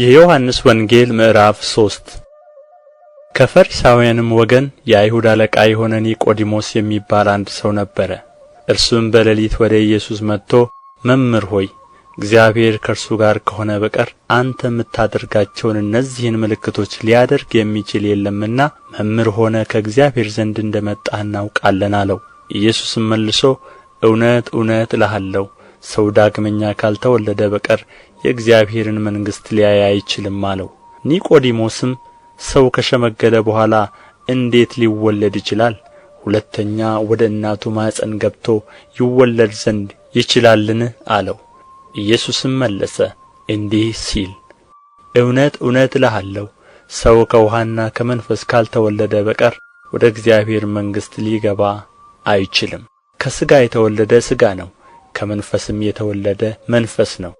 የዮሐንስ ወንጌል ምዕራፍ ሶስት ከፈሪሳውያንም ወገን የአይሁድ አለቃ የሆነ ኒቆዲሞስ የሚባል አንድ ሰው ነበረ። እርሱም በሌሊት ወደ ኢየሱስ መጥቶ መምህር ሆይ እግዚአብሔር ከእርሱ ጋር ከሆነ በቀር አንተ የምታደርጋቸውን እነዚህን ምልክቶች ሊያደርግ የሚችል የለምና መምህር ሆነ ከእግዚአብሔር ዘንድ እንደ መጣህ እናውቃለን አለው። ኢየሱስም መልሶ እውነት እውነት እልሃለሁ ሰው ዳግመኛ ካልተወለደ በቀር የእግዚአብሔርን መንግሥት ሊያይ አይችልም አለው። ኒቆዲሞስም ሰው ከሸመገለ በኋላ እንዴት ሊወለድ ይችላል? ሁለተኛ ወደ እናቱ ማኅፀን ገብቶ ይወለድ ዘንድ ይችላልን? አለው። ኢየሱስም መለሰ እንዲህ ሲል እውነት እውነት እልሃለሁ ሰው ከውሃና ከመንፈስ ካልተወለደ በቀር ወደ እግዚአብሔር መንግሥት ሊገባ አይችልም። ከሥጋ የተወለደ ሥጋ ነው፣ ከመንፈስም የተወለደ መንፈስ ነው።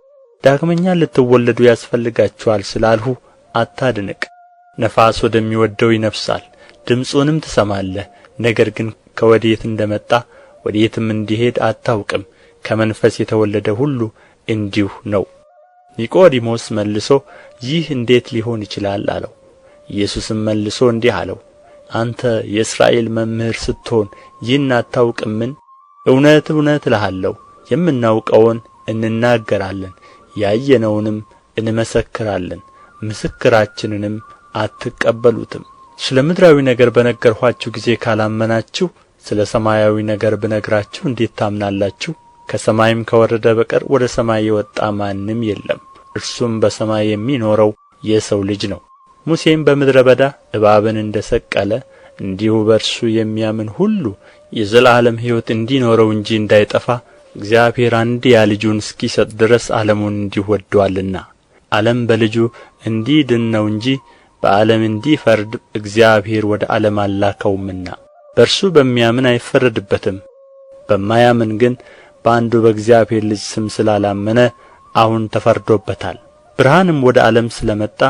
ዳግመኛ ልትወለዱ ያስፈልጋችኋል ስላልሁ አታድንቅ ነፋስ ወደሚወደው ይነፍሳል ድምፁንም ትሰማለህ ነገር ግን ከወዴት እንደመጣ ወዴትም እንዲሄድ አታውቅም ከመንፈስ የተወለደ ሁሉ እንዲሁ ነው ኒቆዲሞስ መልሶ ይህ እንዴት ሊሆን ይችላል አለው ኢየሱስም መልሶ እንዲህ አለው አንተ የእስራኤል መምህር ስትሆን ይህን አታውቅምን እውነት እውነት እልሃለሁ የምናውቀውን እንናገራለን ያየነውንም እንመሰክራለን ምስክራችንንም አትቀበሉትም ስለ ምድራዊ ነገር በነገርኋችሁ ጊዜ ካላመናችሁ ስለ ሰማያዊ ነገር ብነግራችሁ እንዴት ታምናላችሁ? ከሰማይም ከወረደ በቀር ወደ ሰማይ የወጣ ማንም የለም፣ እርሱም በሰማይ የሚኖረው የሰው ልጅ ነው። ሙሴም በምድረ በዳ እባብን እንደ ሰቀለ እንዲሁ በእርሱ የሚያምን ሁሉ የዘላለም ሕይወት እንዲኖረው እንጂ እንዳይጠፋ እግዚአብሔር አንድያ ልጁን እስኪሰጥ ድረስ ዓለሙን እንዲሁ ወዶአልና ዓለም በልጁ እንዲድን ነው እንጂ በዓለም እንዲፈርድ እግዚአብሔር ወደ ዓለም አላከውምና በእርሱ በሚያምን አይፈረድበትም። በማያምን ግን በአንዱ በእግዚአብሔር ልጅ ስም ስላላመነ አሁን ተፈርዶበታል። ብርሃንም ወደ ዓለም ስለ መጣ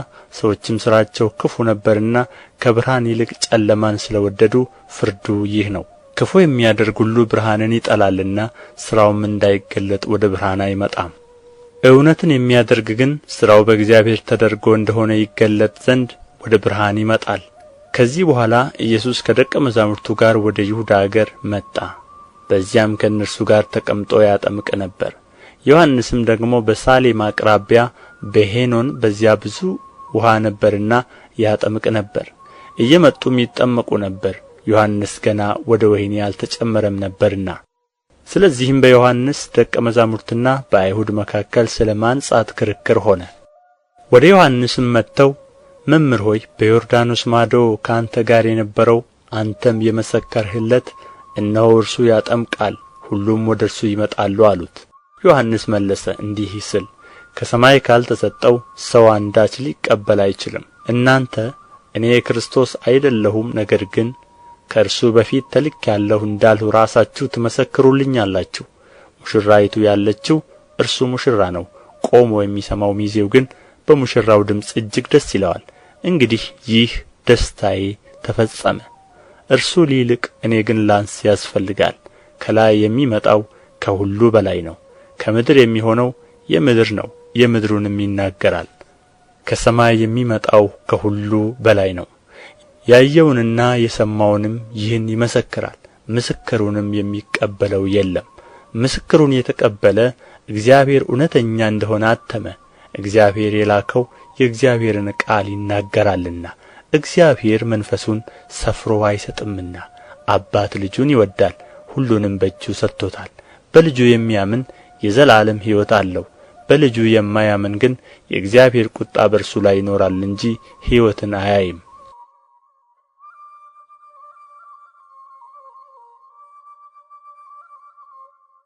ሰዎችም ሥራቸው ክፉ ነበርና ከብርሃን ይልቅ ጨለማን ስለ ወደዱ ፍርዱ ይህ ነው። ክፉ የሚያደርግ ሁሉ ብርሃንን ይጠላልና ሥራውም እንዳይገለጥ ወደ ብርሃን አይመጣም። እውነትን የሚያደርግ ግን ሥራው በእግዚአብሔር ተደርጎ እንደሆነ ይገለጥ ዘንድ ወደ ብርሃን ይመጣል። ከዚህ በኋላ ኢየሱስ ከደቀ መዛሙርቱ ጋር ወደ ይሁዳ አገር መጣ። በዚያም ከእነርሱ ጋር ተቀምጦ ያጠምቅ ነበር። ዮሐንስም ደግሞ በሳሌም አቅራቢያ በሄኖን በዚያ ብዙ ውሃ ነበርና ያጠምቅ ነበር። እየመጡም ይጠመቁ ነበር። ዮሐንስ ገና ወደ ወህኒ አልተጨመረም ነበርና። ስለዚህም በዮሐንስ ደቀ መዛሙርትና በአይሁድ መካከል ስለ ማንጻት ክርክር ሆነ። ወደ ዮሐንስም መጥተው መምህር ሆይ በዮርዳኖስ ማዶ ከአንተ ጋር የነበረው አንተም የመሰከርህለት እነሆ እርሱ ያጠምቃል፣ ሁሉም ወደ እርሱ ይመጣሉ አሉት። ዮሐንስ መለሰ እንዲህ ሲል ከሰማይ ካልተሰጠው ሰው አንዳች ሊቀበል አይችልም። እናንተ እኔ ክርስቶስ አይደለሁም፣ ነገር ግን ከእርሱ በፊት ተልክ ተልኬአለሁ እንዳልሁ ራሳችሁ ትመሰክሩልኛላችሁ ሙሽራይቱ ያለችው እርሱ ሙሽራ ነው ቆሞ የሚሰማው ሚዜው ግን በሙሽራው ድምፅ እጅግ ደስ ይለዋል እንግዲህ ይህ ደስታዬ ተፈጸመ እርሱ ሊልቅ እኔ ግን ላንስ ያስፈልጋል ከላይ የሚመጣው ከሁሉ በላይ ነው ከምድር የሚሆነው የምድር ነው የምድሩንም ይናገራል ከሰማይ የሚመጣው ከሁሉ በላይ ነው ያየውንና የሰማውንም ይህን ይመሰክራል ምስክሩንም የሚቀበለው የለም ምስክሩን የተቀበለ እግዚአብሔር እውነተኛ እንደሆነ አተመ እግዚአብሔር የላከው የእግዚአብሔርን ቃል ይናገራልና እግዚአብሔር መንፈሱን ሰፍሮ አይሰጥምና አባት ልጁን ይወዳል ሁሉንም በእጁ ሰጥቶታል በልጁ የሚያምን የዘላለም ሕይወት አለው በልጁ የማያምን ግን የእግዚአብሔር ቁጣ በእርሱ ላይ ይኖራል እንጂ ሕይወትን አያይም